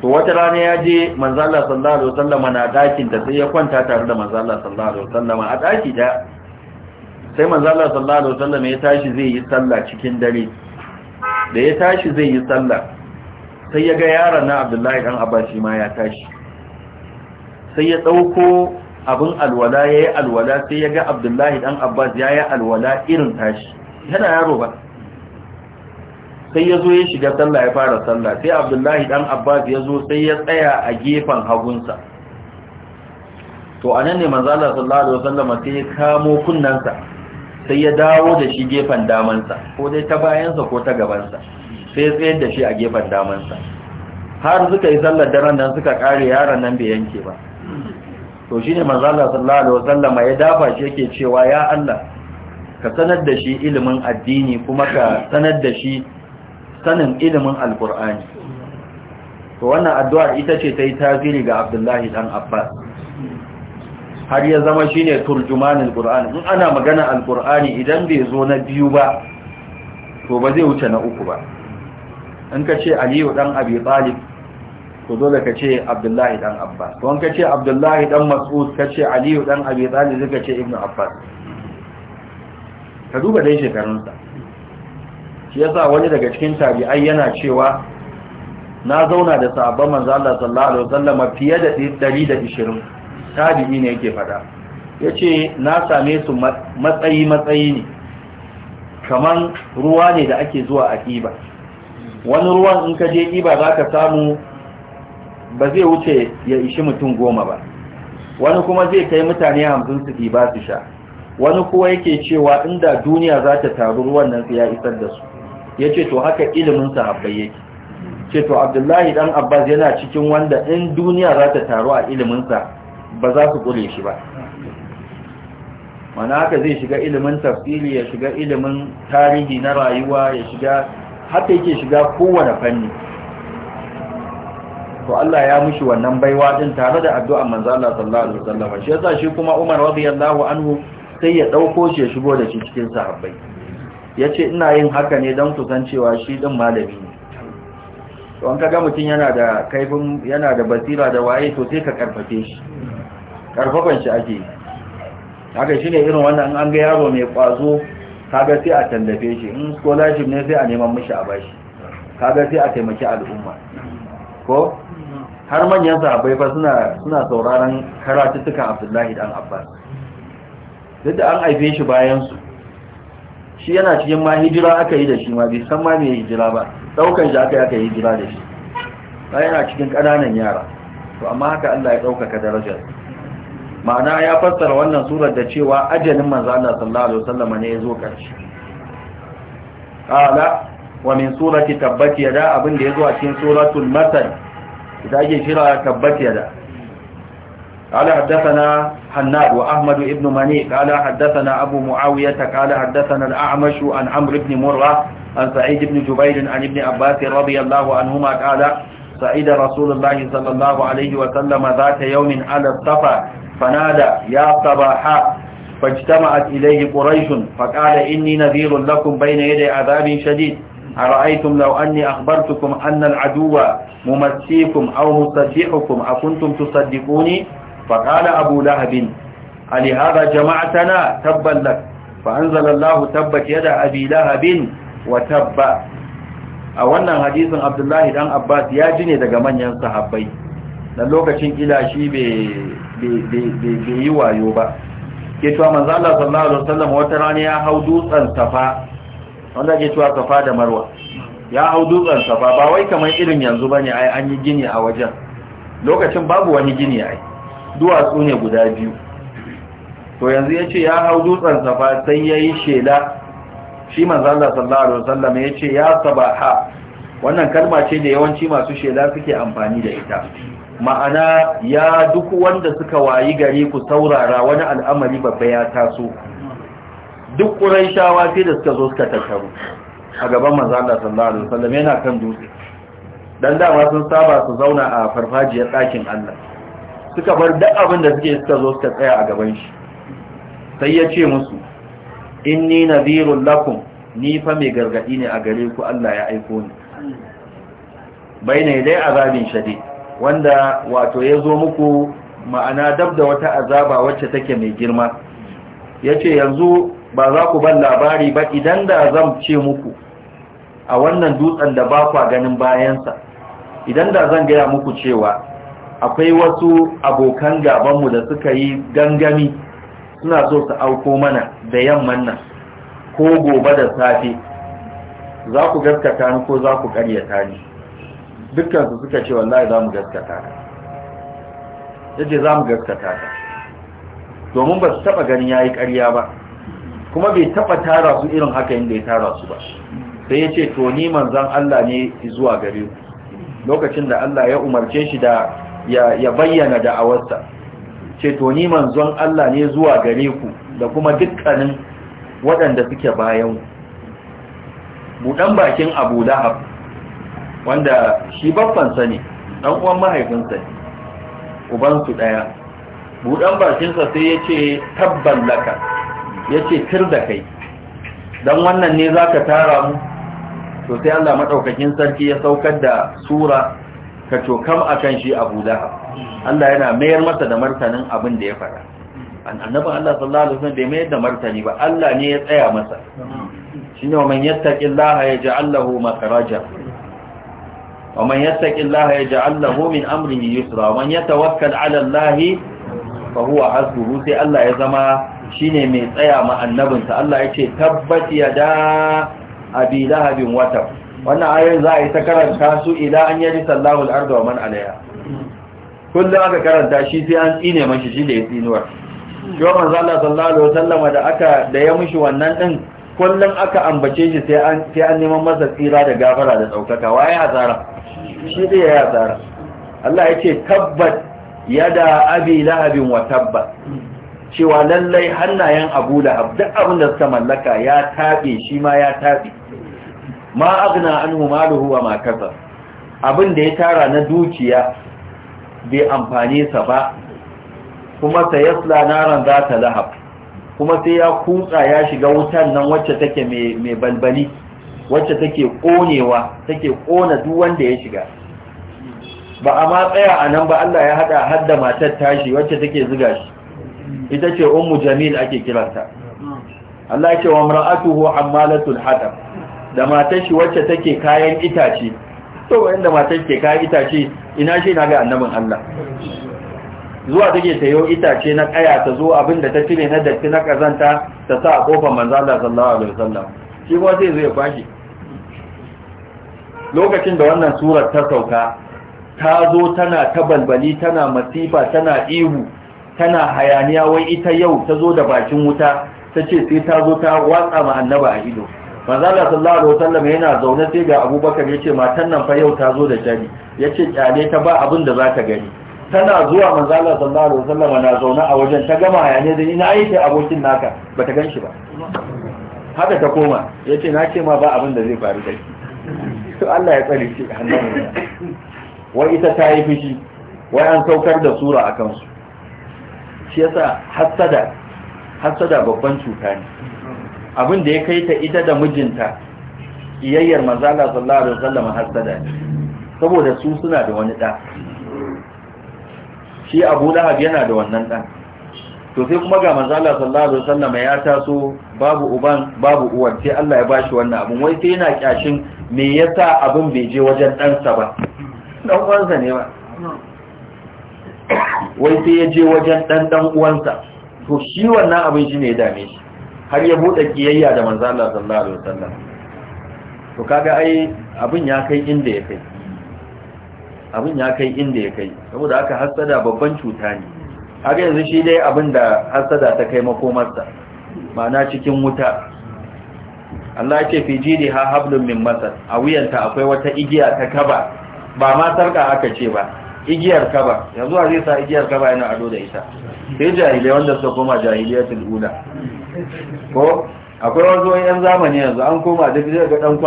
[SPEAKER 1] to wata rana ya je manzo Allah sallallahu alaihi wasallam na dakin da sai ya kwanta tare da manzo Allah sallallahu alaihi wasallam a daki da sai manzo Allah sallallahu alaihi wasallam ya tashi zai yi sallah cikin dare da ya tashi zai yi sallah sai ya ga yaron na Abdullahi dan Abba ma ya tashi sai ya dauko abin alwala yayi alwala sai ya ga Abdullahi dan Abbas yayi alwala irin tashi yana yaro ba sai ya zo ya shiga sallah ya fara sallah sai abdullahi dan abbas ya zo sai ya tsaya a gefen hagunsa to anan ne manzo Allah sallallahu alaihi wasallam sai ya kamo kunnansa sai ya dawo da shi gefen damansa ko dai ta bayansa ko ta gabansa sai ya tsayar da shi a gefen damansa har suka yi sallar da nan suka kare yaron nan bai yanke ba to shine manzo Allah sallallahu alaihi wasallam ya dafa shi yake cewa ya Allah ka sanar da shi ilimin addini kuma ka sanar da shi sanin ilimin alkur'ani to wannan addu'ar ita ce ta yi tasiri ga abdullahi dan abbas har ya zama shi ne turjumanin qur'ani in ana magana alkur'ani idan bai zo na biyu ba to ba zai wuce na uku ba in ka ce aliyu dan abi talib to dole ka ce abdullahi dan abbas to in ka ce abdullahi dan mas'ud ka ce aliyu dan abi talib zai ka ce ibnu abbas ka duba dai shekarunsa shi yasa wani daga cikin tabi'ai yana cewa na zauna da sahabban manzo Allah sallallahu alaihi wasallam fiye da 120 tabi'i ne yake fada yace na same su matsayi matsayi ne kaman ruwa ne da ake zuwa a kiba wani ruwan in ka je kiba zaka samu ba zai wuce ya ishi mutum goma ba wani kuma zai kai mutane hamsin su ba su sha wani kuwa yake cewa inda duniya za ta taru ruwan nan ya isar da su ya ce to haka ilimin sahabbai yake ce to abdullahi dan abbas yana cikin wanda in duniya za ta taru a iliminsa ba za su kure shi ba mana haka zai shiga ilimin tafsiri ya shiga ilimin tarihi na rayuwa ya shiga haka yake shiga kowane fanni to Allah ya mushi wannan baiwa din tare da addu'ar manzo Allah sallallahu alaihi wasallam shi yasa shi kuma Umar radiyallahu anhu sai ya dauko shi ya shigo da shi cikin sahabbai ya ce ina yin haka ne don kusan cewa shi ɗin malami ne to an kaga mutum yana da kaifin yana da basira da waye to sai ka karfafe shi karfafan shi ake haka shi ne irin wannan an ga yaro mai kwazo kaga sai a tallafe shi in scholarship ne sai a neman mishi a bashi kaga sai a taimaki al'umma ko har manyan sahabbai fa suna suna sauraron tukan Abdullahi dan Abbas duk da an aife shi bayan su shi yana cikin ma hijira aka yi da shi ma bai san ma mai hijira ba daukan shi aka yi aka yi hijira da shi ba yana cikin ƙananan yara to amma haka Allah ya ɗaukaka darajar ma'ana ya fassara wannan surar da cewa ajalin manzo Allah sallallahu alaihi wasallam ne ya zo ƙarshe wa min surati tabbat yada abin da ya zo a cikin suratul masal idan ake shira tabbat yada قال حدثنا حناد وأحمد بن مني قال حدثنا أبو معاوية قال حدثنا الأعمش عن عمرو بن مرة عن سعيد بن جبير عن ابن عباس رضي الله عنهما قال سعيد رسول الله صلى الله عليه وسلم ذات يوم على الصفا فنادى يا صباحا فاجتمعت إليه قريش فقال إني نذير لكم بين يدي عذاب شديد أرأيتم لو أني أخبرتكم أن العدو ممسيكم أو مستجيحكم أكنتم تصدقوني فقال أبو لهب ألهذا جمعتنا تبا لك فأنزل الله تبت يد أبي لهب وتب أولا حديث عبد الله بن عباس ياجني دقا من ينصحبي dan lokacin kila shi bai yi wayo ba ke cewa manzala sallallahu alaihi wasallam wata rana ya hau dutsen safa wanda ke cewa safa da marwa ya hau dutsen safa ba wai kamar irin yanzu bane ai an yi gini a wajen lokacin babu wani gini ai duwatsu ne guda biyu to yanzu ya ce ya hau dutsen safa sai ya yi shela shi manzala sallallahu alaihi wasallam ya ce ya sabaha wannan kalma ce da yawanci masu shela suke amfani da ita ma'ana ya duk wanda suka wayi gari ku saurara wani al'amari babba ya taso duk ƙuraishawa sai da suka zo suka tattaru a gaban manzala sallallahu alaihi wasallam yana kan dutse dan dama sun saba su zauna a farfajiyar ɗakin Allah suka bar duk abin da suke suka zo suka tsaya a gaban shi sai ya ce musu inni nadhirul lakum ni fa mai gargadi ne a gare ku Allah ya aiko ni baina dai azabin shadid wanda wato ya zo muku ma'ana dab da wata azaba wacce take mai girma yace yanzu ba za ku ban labari ba idan da zan ce muku a wannan dutsen da ba ku ganin bayansa idan da zan gaya muku cewa akwai wasu abokan gabanmu da suka yi gangami suna so su auko mana da yamman nan ko gobe da safe za ku gaskata ni ko za ku karyata ni dukkansu suka ce wallahi za mu gaskata ka yace za mu gaskata ka domin ba su taba ganin yayi ƙarya ba kuma bai taba tara su irin haka inda ya tara su ba sai yace to ni manzon Allah ne zuwa gare ku lokacin da Allah ya umarce shi da ya bayyana da'awarsa ce to ni manzon Allah ne zuwa gare ku da kuma dukkanin waɗanda suke bayan buɗan bakin abu lahab wanda shi babbansa ne ɗan uwan mahaifinsa ne ubansu ɗaya buɗan bakinsa sai ya ce tabban laka ya ce tir da kai don wannan ne za ka tara mu to sai Allah maɗaukakin sarki ya saukar da sura ka cokam a kan shi abu lahab Allah yana mayar masa da martanin abin da ya fara annabin Allah sallallahu alaihi wasallam bai mayar da martani ba Allah ne ya tsaya masa ne shine man yattaqillaha yaj'al lahu makhraja wa man yattaqillaha yaj'al lahu min amrihi yusra wa man yatawakkal 'ala Allah fa huwa hasbuhu sai Allah ya zama shine mai tsaya ma annabinsa Allah ya yace tabbat yada abi lahabin watab wannan ayoyin za a yi ta karanta su idan an yari sallahu al'ardu wa man alaiha kullum aka karanta shi sai an tsine mashi shi da ya tsinuwar shi wa manzo Allah sallallahu alaihi wasallam da aka da ya mushi wannan din kullum aka ambace shi sai an sai neman masa tsira da gafara da tsaukaka ya hasara shi dai ya hasara Allah ya yace tabbat da abi lahabin wa tabba cewa lallai hannayen abu lahab duk abin da suka mallaka ya tabe shi ma ya tabe ma agna anhu maluhu wa ma abin da ya tara na dukiya bai amfane sa ba kuma sayasla naran za ta lahab kuma sai ya kutsa ya shiga wutan nan wacce take mai balbali wacce take konewa take kona duk wanda ya shiga ba a ma tsaya a nan ba Allah ya hada hadda matar tashi wacce take ziga shi ita ce ummu jamil ake kiranta Allah ya ce wa mar'atuhu ammalatul hadab da matar shi wacce take kayan itace to wayan da matar ke kayan itace ina shi na ga annabin Allah zuwa take tayo itace na kaya ta zo abinda ta cire na datti na kazanta ta sa a kofar manzo Allah sallallahu alaihi wasallam shi kuma sai zai fashi. lokacin da wannan surar ta sauka ta zo tana ta balbali tana masifa tana ihu tana hayaniya wai ita yau ta zo da bakin wuta ta ce sai ta zo ta watsa ma annaba a ido manzala sallallahu alaihi wasallam yana zaune sai ga abubakar yace matan nan fa yau ta zo da jari yace kyale ta ba abin da za ta gani tana zuwa manzala sallallahu alaihi wasallam na zaune a wajen ta gama ya da ina yake abokin naka bata ganshi ba haka ta koma yace na ce ma ba abin da zai faru dai to Allah ya tsare shi hannun wai ita ta yi fushi wai an saukar da sura akan su shi yasa hasada hasada babban cuta ne abin da ya kai ta ita da mijinta iyayyar manzala sallallahu alaihi wasallam hasada saboda su suna da wani da shi Abu Lahab yana da wannan dan to sai kuma ga manzala sallallahu alaihi wasallam ya taso babu uban babu uwar sai Allah ya bashi wannan abin wai sai yana kyashin me yasa abin bai je wajen ɗansa ba dan uwansa ne ba wai sai ya je wajen dan dan uwansa to shi wannan abin shi ne ya dame shi har ya bude kiyayya da manzo Allah sallallahu alaihi wasallam to kaga ai abin ya kai inda ya kai abin ya kai inda ya kai saboda aka hasada babban cuta ne har yanzu shi dai abin da hasada ta kai makomarsa ma'ana cikin wuta Allah ce fi jidi ha hablum min masar a wuyanta akwai wata igiya ta kaba ba ma sarka aka ce ba igiyar kaba yanzu a zai sa igiyar kaba yana ado da ita sai jahilai wanda suka koma jahiliyatul ula ko akwai wasu yan zamani yanzu an koma da zai ga dan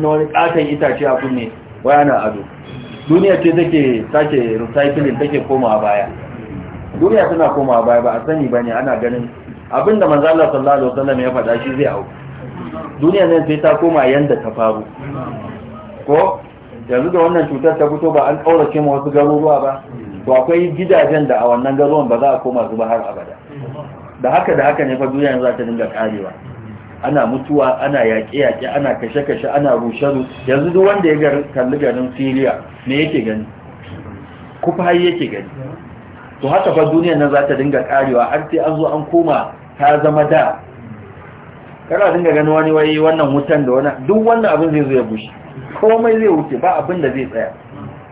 [SPEAKER 1] na wani katon itace a kunne waya na ado duniya ce take sake recycling take koma baya duniya tana koma baya ba a sani bane ana ganin abinda manzo Allah sallallahu alaihi ya faɗa shi zai auku duniya nan sai ta koma yanda ta faru ko yanzu da wannan cutar ta fito ba an kaurace ma wasu garuruwa ba to akwai gidajen da a wannan garuruwan ba za a koma su ba har abada da haka da haka ne fa duniya za ta dinga karewa ana mutuwa ana yaƙe-yaƙe ana kashe-kashe ana rushe yanzu duk wanda ya kalli garin siriya me yake gani kufayi yake gani to haka fa duniya nan za ta dinga karewa har sai an zo an koma ta zama da kana dinga gani wani wai wannan wutan da wani duk wannan abin zai zo ya bushe komai zai wuce ba abin da zai tsaya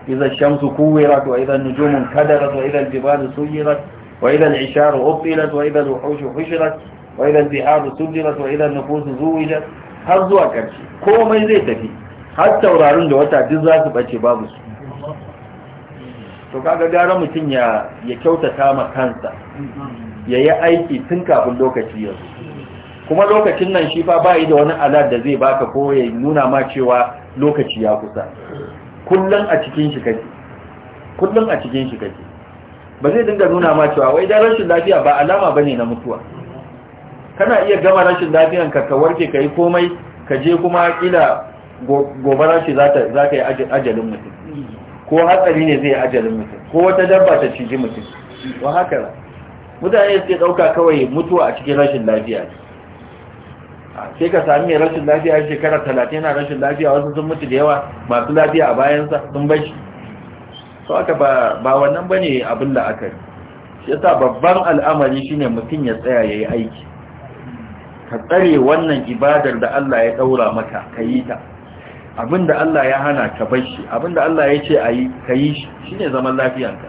[SPEAKER 1] idan shamsu kuwirat wa idan nujumun kadara wa idan jibalu suyira وإذا العشار أبطلت وإذا الوحوش حشرت وإذا البحار سجرت وإذا النفوس زوجت هل zuwa ƙarshe komai من tafi har taurarin دواتا جزاك duk بابس su ɓace babu su يكوتا تاما gara mutum ya kyautata ma kansa ya kuma lokacin nan shi fa bai da wani alad da zai baka ko ya nuna ma cewa lokaci ya kusa kullun a cikin shi kake kullun a cikin shi kake ba zai dinga nuna ma cewa wai da rashin lafiya ba alama bane na mutuwa kana iya gama rashin lafiyan ka ka warke kai komai ka je kuma kila gobara shi za ta yi ajalin mutum ko hatsari ne zai ajalin mutum ko wata dabba ta ciji mutum wa haka mutane suke ɗauka kawai mutuwa a cikin rashin lafiya sai ka sami mai rashin lafiya shekara talatin na rashin lafiya wasu sun mutu da yawa masu lafiya a bayansa sun bashi so aka ba ba wannan bane abin da aka yi shi yasa babban al'amari shine mutum ya tsaya yayi aiki ka tsare wannan ibadar da Allah ya daura maka kayi ta Abin da Allah ya hana ka bar shi abin da Allah ya ce ayi kayi shi shine zaman lafiyanka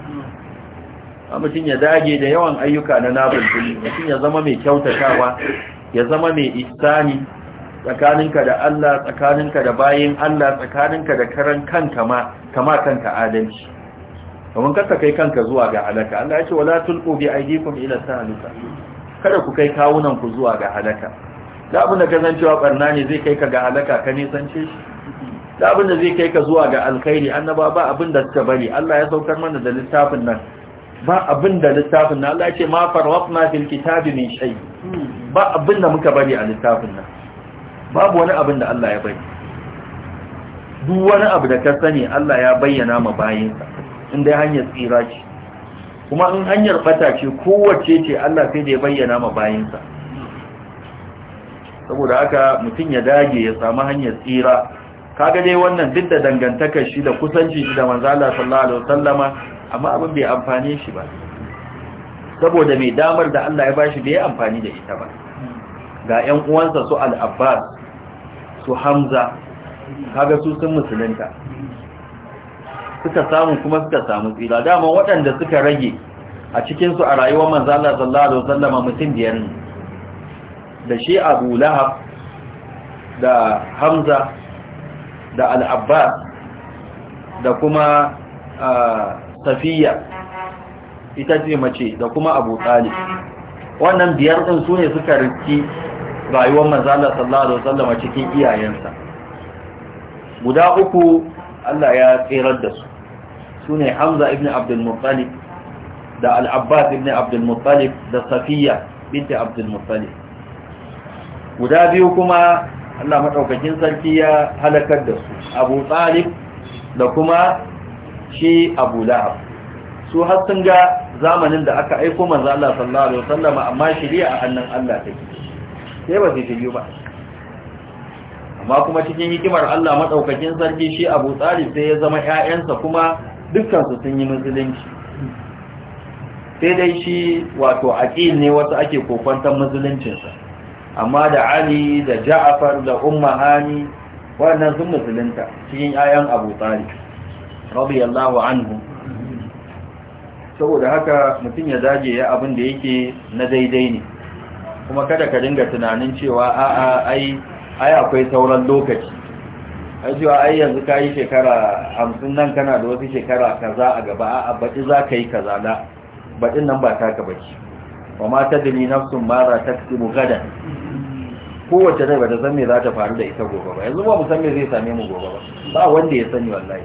[SPEAKER 1] a mutum ya dage da yawan ayyuka na nabin mutum ya zama mai kyautatawa ya zama mai isani tsakaninka da Allah tsakaninka da bayin Allah tsakaninka da karan kanka ma kama kanka adalci domin kasa kai kanka zuwa ga halaka Allah ya ce wala tulqu bi aydikum ila tahlika kada ku kai kawunan ku zuwa ga halaka da abin da kazancewa barna ne zai kai ka ga halaka ka nisance shi da abin da zai kai ka zuwa ga alkhairi annaba ba abin da suka bari Allah ya saukar mana da littafin nan ba abin da littafin nan Allah ya ce ma farwafna fil kitabi min shay ba abin da muka bari a littafin nan babu wani abin da Allah ya bari duk wani abu da ka sani Allah ya bayyana ma bayinsa in dai hanyar tsira ce kuma in hanyar bata ce kowace ce Allah sai da ya bayyana ma bayinsa saboda haka mutum ya dage ya samu hanyar tsira kaga dai wannan duk da dangantakar shi da kusanci shi da manzo Allah sallallahu alaihi wasallama amma abin bai amfane shi ba saboda mai damar da Allah ya bashi bai amfani da ita ba ga ƴan uwansa su al-Abbas su Hamza kaga su sun musulunta suka samu kuma suka samu tsira dama waɗanda suka rage a cikinsu a rayuwar manzala sallallahu alaihi wasallama mutum biyar ne da shi abu lahab da hamza da al'abbas da kuma safiya ita ce mace da kuma abu talib wannan biyar ɗin su ne suka riski rayuwar manzala sallallahu alaihi wasallama cikin iyayensa guda uku Allah ya tsirar da su sune Hamza ibn Abdul Muttalib da Al-Abbas ibn Abdul Muttalib da Safiya binti Abdul Muttalib guda biyu kuma Allah madaukakin sarki ya halakar da su Abu Talib da kuma shi Abu Lahab su har sun ga zamanin da aka aiko manzo Allah sallallahu alaihi wasallama amma shari'a a hannun Allah take sai ba su shiryu ba amma kuma cikin hikimar Allah madaukakin sarki shi Abu Talib sai ya zama ƴaƴansa kuma dukkan su sun yi musulunci sai dai shi wato aqil ne wasu ake kokwantar musuluncinsa amma da ali da ja'afar da umma hani waɗannan sun musulunta cikin ayan abu tsari radiyallahu anhu saboda haka mutum ya zage ya abin da yake na daidai ne kuma kada ka dinga tunanin cewa a'a ai ai akwai sauran lokaci a ai yanzu ka yi shekara hamsin nan kana da wasu shekara kaza a gaba a baɗi za ka yi kaza da baɗin nan ba ta ka baki ba ma ta dini nafsun mara ta mu gada kowace rai ba ta san me za ta faru da ita gobe ba yanzu ba mu san me zai same mu gobe ba ba wanda ya sani wallahi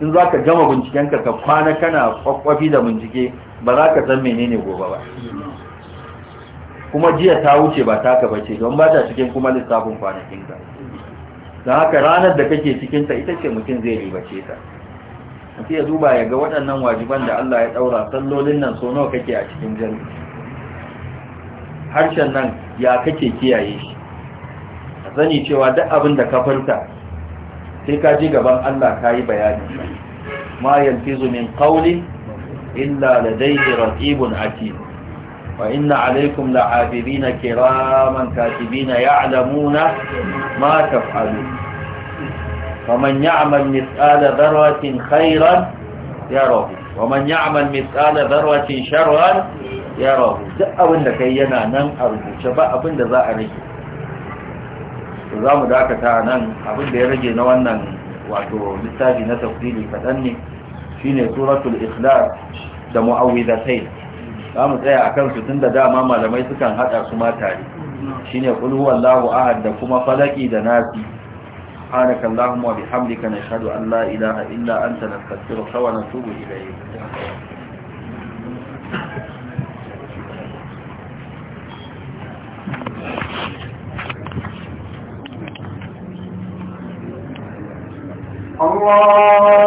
[SPEAKER 1] in za ka gama bincikenka ka kwana kana kwakwafi da bincike ba za ka san menene gobe ba kuma jiya ta wuce ba ta ka bace don ba ta cikin kuma lissafin kwanakin ka. Da haka ranar da kake cikin ta ita ce mutum zai ribace ta mutum ya duba ya ga waɗannan wajiban da Allah ya ɗaura sallolin nan so nawa kake a cikin jami harshen nan ya kake kiyaye shi a sani cewa duk abin da ka furta sai ka ji gaban Allah ka yi bayani ma yalfizu min qawli illa ladayhi raqibun atid وإن عليكم لعابدين كراما كاتبين يعلمون ما تفعلون ومن يعمل مثقال ذرة خيرا يا رب ومن يعمل مثال ذروة شرا يا رب دعوا إنك ينا نم أرجو شباء أبن دزاء رجل الزام داك تانا أبن بيرجي نوانا وعطوا مثالي نتفديلي فتني فيني سورة الإخلاق دمعوذتين za mu tsaya a kansu tun da dama malamai sukan haɗa su ma tare shi ne kulhu Allahu ahad da kuma falaki da nasi سبحانك اللهم وبحمدك نشهد أن لا إله إلا أنت نستغفرك ونتوب إليك
[SPEAKER 2] Allah